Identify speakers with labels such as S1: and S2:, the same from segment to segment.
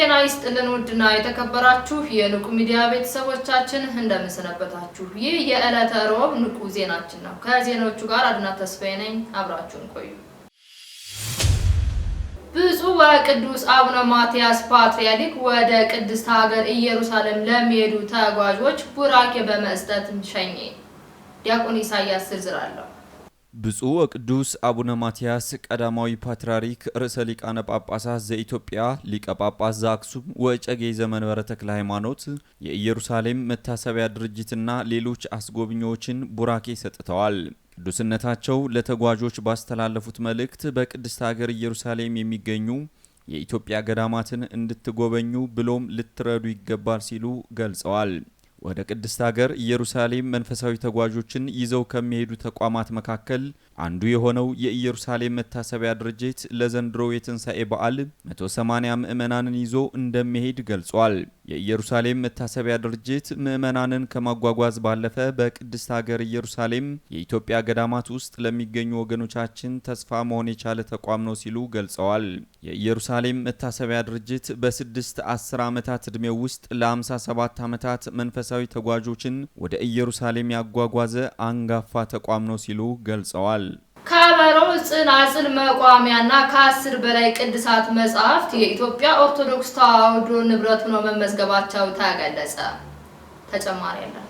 S1: ጤና ይስጥልን ውድና የተከበራችሁ የንቁ ሚዲያ ቤተሰቦቻችን እንደምንሰነበታችሁ። ይህ የዕለተ ሮብ ንቁ ዜናችን ነው። ከዜናዎቹ ጋር አድና ተስፋዬ ነኝ። አብራችሁን ቆዩ። ብፁዕ ወቅዱስ አቡነ ማትያስ ፓትርያርክ ወደ ቅድስት ሀገር ኢየሩሳሌም ለሚሄዱ ተጓዦች ቡራኬ በመስጠት ሸኘ። ዲያቆን ኢሳያስ ዝርዝር አለው።
S2: ብፁዕ ወቅዱስ አቡነ ማትያስ ቀዳማዊ ፓትርያርክ ርዕሰ ሊቃነ ጳጳሳት ዘኢትዮጵያ ሊቀ ጳጳስ ዘአክሱም ወጨጌ ዘመንበረ ተክለ ሃይማኖት የኢየሩሳሌም መታሰቢያ ድርጅትና ሌሎች አስጎብኚዎችን ቡራኬ ሰጥተዋል። ቅዱስነታቸው ለተጓዦች ባስተላለፉት መልእክት በቅድስት አገር ኢየሩሳሌም የሚገኙ የኢትዮጵያ ገዳማትን እንድትጎበኙ ብሎም ልትረዱ ይገባል ሲሉ ገልጸዋል። ወደ ቅድስት አገር ኢየሩሳሌም መንፈሳዊ ተጓዦችን ይዘው ከሚሄዱ ተቋማት መካከል አንዱ የሆነው የኢየሩሳሌም መታሰቢያ ድርጅት ለዘንድሮ የትንሣኤ በዓል 180 ምዕመናንን ይዞ እንደሚሄድ ገልጿል። የኢየሩሳሌም መታሰቢያ ድርጅት ምዕመናንን ከማጓጓዝ ባለፈ በቅድስት ሀገር ኢየሩሳሌም የኢትዮጵያ ገዳማት ውስጥ ለሚገኙ ወገኖቻችን ተስፋ መሆን የቻለ ተቋም ነው ሲሉ ገልጸዋል። የኢየሩሳሌም መታሰቢያ ድርጅት በስድስት አስር ዓመታት ዕድሜው ውስጥ ለ57 ዓመታት መንፈሳዊ ተጓዦችን ወደ ኢየሩሳሌም ያጓጓዘ አንጋፋ ተቋም ነው ሲሉ ገልጸዋል።
S1: ከበሮ፣ ጽናጽል፣ መቋሚያና ከአስር በላይ ቅዱሳት መጽሐፍት የኢትዮጵያ ኦርቶዶክስ ተዋሕዶ ንብረት ሆነው መመዝገባቸው ተገለጸ። ተጨማሪ ያለን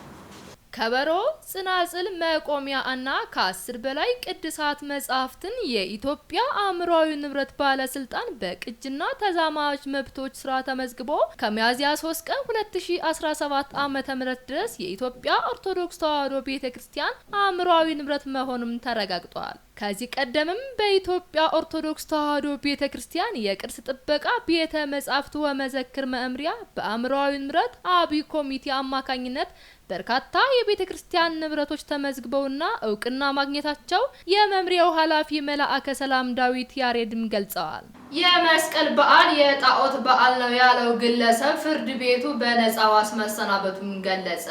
S1: ከበሮ፣ ጽናጽል፣ መቆሚያ እና ከአስር በላይ ቅዱሳት መጻሕፍትን የኢትዮጵያ አእምሯዊ ንብረት ባለስልጣን በቅጅና ተዛማጅ መብቶች ስራ ተመዝግቦ ከሚያዝያ 3 ቀን 2017 ዓ.ም ድረስ የኢትዮጵያ ኦርቶዶክስ ተዋሕዶ ቤተክርስቲያን አእምሯዊ ንብረት መሆኑም ተረጋግጧል። ከዚህ ቀደምም በኢትዮጵያ ኦርቶዶክስ ተዋሕዶ ቤተ ክርስቲያን የቅርስ ጥበቃ ቤተ መጻሕፍት ወመዘክር መምሪያ በአእምሯዊ ንብረት አብይ ኮሚቴ አማካኝነት በርካታ የቤተ ክርስቲያን ንብረቶች ተመዝግበውና እውቅና ማግኘታቸው የመምሪያው ኃላፊ መልአከ ሰላም ዳዊት ያሬድም ገልጸዋል። የመስቀል በዓል የጣዖት በዓል ነው ያለው ግለሰብ ፍርድ ቤቱ በነጻ ዋስ መሰናበቱን ገለጸ።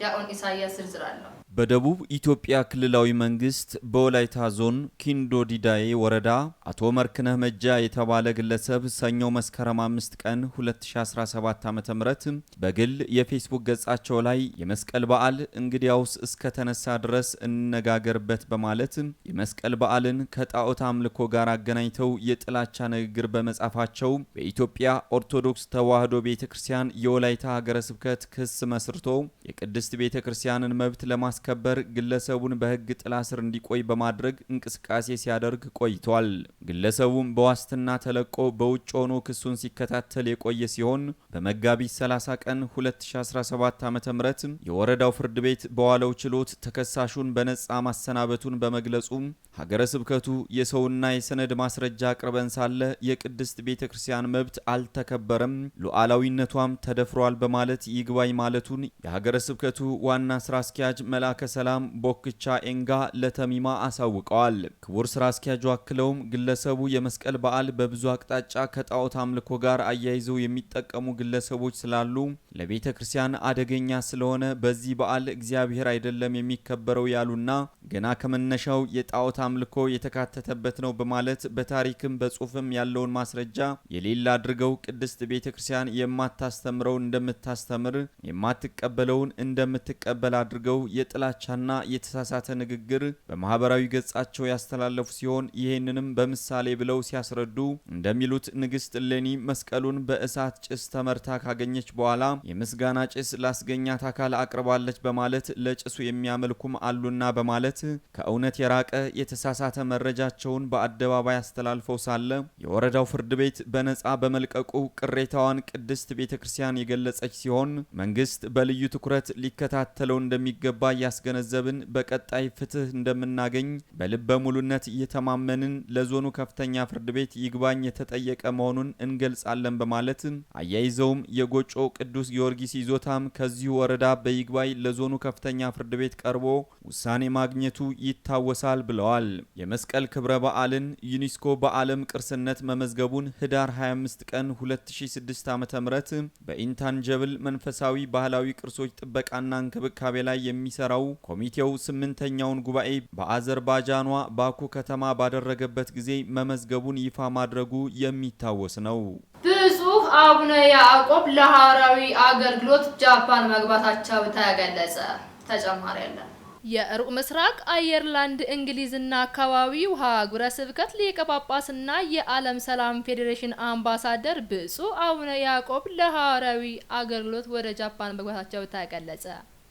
S1: ዲያቆን ኢሳያስ ዝርዝር አለው።
S2: በደቡብ ኢትዮጵያ ክልላዊ መንግስት በወላይታ ዞን ኪንዶ ዲዳዬ ወረዳ አቶ መርክነህ መጃ የተባለ ግለሰብ ሰኞ መስከረም 5 ቀን 2017 ዓ ም በግል የፌስቡክ ገጻቸው ላይ የመስቀል በዓል እንግዲያውስ እስከተነሳ ድረስ እንነጋገርበት በማለት የመስቀል በዓልን ከጣዖት አምልኮ ጋር አገናኝተው የጥላቻ ንግግር በመጻፋቸው በኢትዮጵያ ኦርቶዶክስ ተዋህዶ ቤተ ክርስቲያን የወላይታ ሀገረ ስብከት ክስ መስርቶ የቅድስት ቤተ ክርስቲያንን መብት ለማስ በማስከበር ግለሰቡን በህግ ጥላ ስር እንዲቆይ በማድረግ እንቅስቃሴ ሲያደርግ ቆይቷል። ግለሰቡም በዋስትና ተለቆ በውጭ ሆኖ ክሱን ሲከታተል የቆየ ሲሆን በመጋቢት 30 ቀን 2017 ዓ ም የወረዳው ፍርድ ቤት በዋለው ችሎት ተከሳሹን በነፃ ማሰናበቱን በመግለጹም ሀገረ ስብከቱ የሰውና የሰነድ ማስረጃ አቅርበን ሳለ የቅድስት ቤተ ክርስቲያን መብት አልተከበረም፣ ሉዓላዊነቷም ተደፍሯል በማለት ይግባኝ ማለቱን የሀገረ ስብከቱ ዋና ስራ አስኪያጅ መላ መልአከ ሰላም ቦክቻ ኤንጋ ለተሚማ አሳውቀዋል። ክቡር ስራ አስኪያጁ አክለውም ግለሰቡ የመስቀል በዓል በብዙ አቅጣጫ ከጣዖት አምልኮ ጋር አያይዘው የሚጠቀሙ ግለሰቦች ስላሉ ለቤተ ክርስቲያን አደገኛ ስለሆነ በዚህ በዓል እግዚአብሔር አይደለም የሚከበረው ያሉና ገና ከመነሻው የጣዖት አምልኮ የተካተተበት ነው በማለት በታሪክም በጽሁፍም ያለውን ማስረጃ የሌላ አድርገው ቅድስት ቤተ ክርስቲያን የማታስተምረው እንደምታስተምር የማትቀበለውን እንደምትቀበል አድርገው የጥ የጥላቻና የተሳሳተ ንግግር በማህበራዊ ገጻቸው ያስተላለፉ ሲሆን ይህንንም በምሳሌ ብለው ሲያስረዱ እንደሚሉት ንግስት እሌኒ መስቀሉን በእሳት ጭስ ተመርታ ካገኘች በኋላ የምስጋና ጭስ ላስገኛት አካል አቅርባለች በማለት ለጭሱ የሚያመልኩም አሉና በማለት ከእውነት የራቀ የተሳሳተ መረጃቸውን በአደባባይ አስተላልፈው ሳለ የወረዳው ፍርድ ቤት በነጻ በመልቀቁ ቅሬታዋን ቅድስት ቤተ ክርስቲያን የገለጸች ሲሆን መንግስት በልዩ ትኩረት ሊከታተለው እንደሚገባ እያስገነዘብን በቀጣይ ፍትህ እንደምናገኝ በልበ ሙሉነት እየተማመንን ለዞኑ ከፍተኛ ፍርድ ቤት ይግባኝ የተጠየቀ መሆኑን እንገልጻለን በማለት አያይዘውም የጎጮ ቅዱስ ጊዮርጊስ ይዞታም ከዚሁ ወረዳ በይግባኝ ለዞኑ ከፍተኛ ፍርድ ቤት ቀርቦ ውሳኔ ማግኘቱ ይታወሳል ብለዋል። የመስቀል ክብረ በዓልን ዩኔስኮ በዓለም ቅርስነት መመዝገቡን ህዳር 25 ቀን 2006 ዓ.ም በኢንታንጀብል መንፈሳዊ ባህላዊ ቅርሶች ጥበቃና እንክብካቤ ላይ የሚሰራው መግለጫው ኮሚቴው ስምንተኛውን ጉባኤ በአዘርባጃኗ ባኩ ከተማ ባደረገበት ጊዜ መመዝገቡን ይፋ ማድረጉ የሚታወስ ነው።
S1: ብፁዕ አቡነ ያዕቆብ ለሐዋርያዊ አገልግሎት ጃፓን መግባታቸው ተገለጸ። ተጨማሪ ያለን የሩቅ ምስራቅ አየርላንድ እንግሊዝና አካባቢው ሀገረ ስብከት ሊቀ ጳጳስና የዓለም ሰላም ፌዴሬሽን አምባሳደር ብፁዕ አቡነ ያዕቆብ ለሐዋርያዊ አገልግሎት ወደ ጃፓን መግባታቸው ተገለጸ።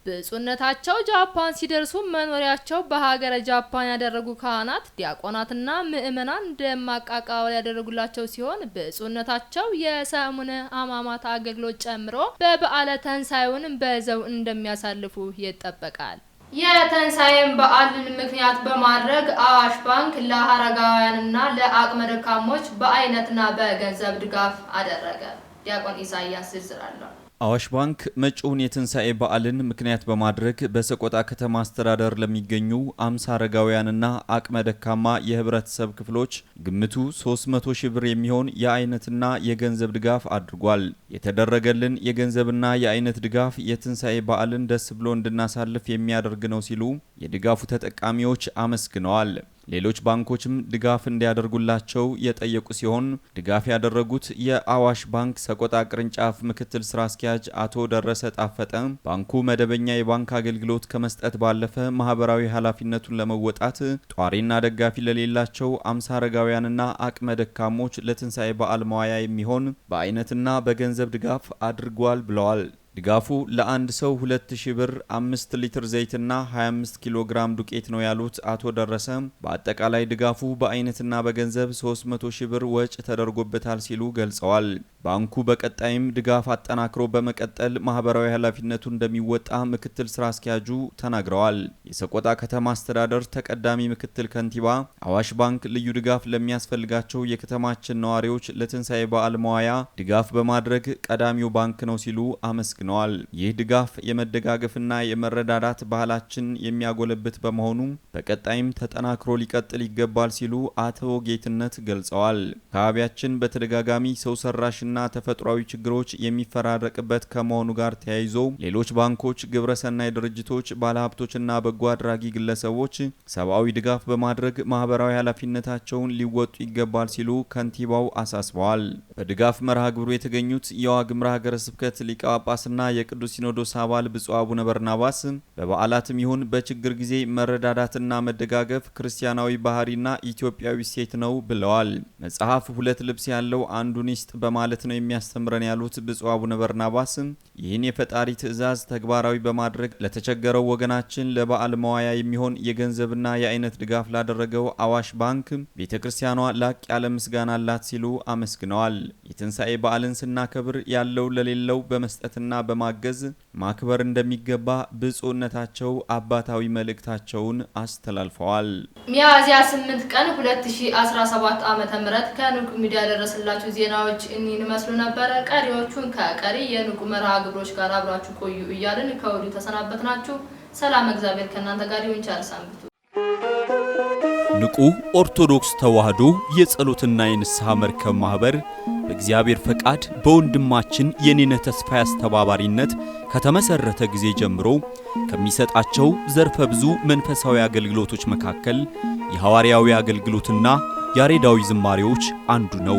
S1: ብፁዕነታቸው ጃፓን ሲደርሱ መኖሪያቸው በሀገረ ጃፓን ያደረጉ ካህናት ዲያቆናትና ምእመናን ደማቅ አቀባበል ያደረጉላቸው ሲሆን ብፁዕነታቸው የሰሙነ ሕማማት አገልግሎት ጨምሮ በበዓለ ተንሳዩን በዘው እንደሚያሳልፉ ይጠበቃል። የተንሳኤን በዓልን ምክንያት በማድረግ አዋሽ ባንክ ለአረጋውያንና ለአቅመ ደካሞች በአይነትና በገንዘብ ድጋፍ አደረገ። ዲያቆን ኢሳያስ ዝርዝር አለው።
S2: አዋሽ ባንክ መጪውን የትንሣኤ በዓልን ምክንያት በማድረግ በሰቆጣ ከተማ አስተዳደር ለሚገኙ አምሳ አረጋውያንና አቅመ ደካማ የህብረተሰብ ክፍሎች ግምቱ 300 ሺህ ብር የሚሆን የአይነትና የገንዘብ ድጋፍ አድርጓል። የተደረገልን የገንዘብና የአይነት ድጋፍ የትንሣኤ በዓልን ደስ ብሎ እንድናሳልፍ የሚያደርግ ነው ሲሉ የድጋፉ ተጠቃሚዎች አመስግነዋል። ሌሎች ባንኮችም ድጋፍ እንዲያደርጉላቸው የጠየቁ ሲሆን ድጋፍ ያደረጉት የአዋሽ ባንክ ሰቆጣ ቅርንጫፍ ምክትል ስራ አስኪያጅ አቶ ደረሰ ጣፈጠ ባንኩ መደበኛ የባንክ አገልግሎት ከመስጠት ባለፈ ማህበራዊ ኃላፊነቱን ለመወጣት ጧሪና ደጋፊ ለሌላቸው አምሳ አረጋውያንና አቅመ ደካሞች ለትንሣኤ በዓል መዋያ የሚሆን በአይነትና በገንዘብ ድጋፍ አድርጓል ብለዋል። ድጋፉ ለአንድ ሰው 2000 ብር 5 ሊትር ዘይትና 25 ኪሎ ግራም ዱቄት ነው ያሉት አቶ ደረሰ በአጠቃላይ ድጋፉ በአይነትና በገንዘብ 300 ሺ ብር ወጭ ተደርጎበታል ሲሉ ገልጸዋል። ባንኩ በቀጣይም ድጋፍ አጠናክሮ በመቀጠል ማህበራዊ ኃላፊነቱን እንደሚወጣ ምክትል ስራ አስኪያጁ ተናግረዋል። የሰቆጣ ከተማ አስተዳደር ተቀዳሚ ምክትል ከንቲባ አዋሽ ባንክ ልዩ ድጋፍ ለሚያስፈልጋቸው የከተማችን ነዋሪዎች ለትንሣኤ በዓል መዋያ ድጋፍ በማድረግ ቀዳሚው ባንክ ነው ሲሉ አመስግነዋል። አመስግነዋል። ይህ ድጋፍ የመደጋገፍና የመረዳዳት ባህላችን የሚያጎለብት በመሆኑ በቀጣይም ተጠናክሮ ሊቀጥል ይገባል ሲሉ አቶ ጌትነት ገልጸዋል። አካባቢያችን በተደጋጋሚ ሰው ሰራሽና ተፈጥሯዊ ችግሮች የሚፈራረቅበት ከመሆኑ ጋር ተያይዞ ሌሎች ባንኮች፣ ግብረሰናይ ድርጅቶች፣ ባለሀብቶችና በጎ አድራጊ ግለሰቦች ሰብአዊ ድጋፍ በማድረግ ማህበራዊ ኃላፊነታቸውን ሊወጡ ይገባል ሲሉ ከንቲባው አሳስበዋል። በድጋፍ መርሃ ግብሩ የተገኙት የዋግምራ ሀገረ ስብከት ሊቀ ጳጳስና የቅዱስ ሲኖዶስ አባል ብፁዕ አቡነ በርናባስ በበዓላትም ይሁን በችግር ጊዜ መረዳዳትና መደጋገፍ ክርስቲያናዊ ባህሪና ኢትዮጵያዊ ሴት ነው ብለዋል። መጽሐፍ ሁለት ልብስ ያለው አንዱን ይስጥ በማለት ነው የሚያስተምረን ያሉት ብፁዕ አቡነ በርናባስ ይህን የፈጣሪ ትእዛዝ ተግባራዊ በማድረግ ለተቸገረው ወገናችን ለበዓል መዋያ የሚሆን የገንዘብና የአይነት ድጋፍ ላደረገው አዋሽ ባንክ ቤተ ክርስቲያኗ ላቅ ያለ ምስጋና አላት ሲሉ አመስግነዋል። የትንሣኤ በዓልን ስናከብር ያለው ለሌለው በመስጠትና በማገዝ ማክበር እንደሚገባ ብፁዕነታቸው አባታዊ መልእክታቸውን አስተላልፈዋል።
S1: ሚያዝያ 8 ቀን 2017 ዓ ም ከንቁ ሚዲያ ያደረስላችሁ ዜናዎች እኒህን ይመስሉ ነበረ። ቀሪዎቹን ከቀሪ የንቁ መርሃ ግብሮች ጋር አብራችሁ ቆዩ እያልን ከወዲሁ ተሰናበት ናችሁ። ሰላም እግዚአብሔር ከእናንተ ጋር ይሁን። ቸር ሰንብቱ።
S2: ንቁ ኦርቶዶክስ ተዋህዶ የጸሎትና የንስሐ መርከብ ማኅበር በእግዚአብሔር ፈቃድ በወንድማችን የኔነ ተስፋዬ አስተባባሪነት ከተመሰረተ ጊዜ ጀምሮ ከሚሰጣቸው ዘርፈ ብዙ መንፈሳዊ አገልግሎቶች መካከል የሐዋርያዊ አገልግሎትና ያሬዳዊ ዝማሬዎች አንዱ ነው።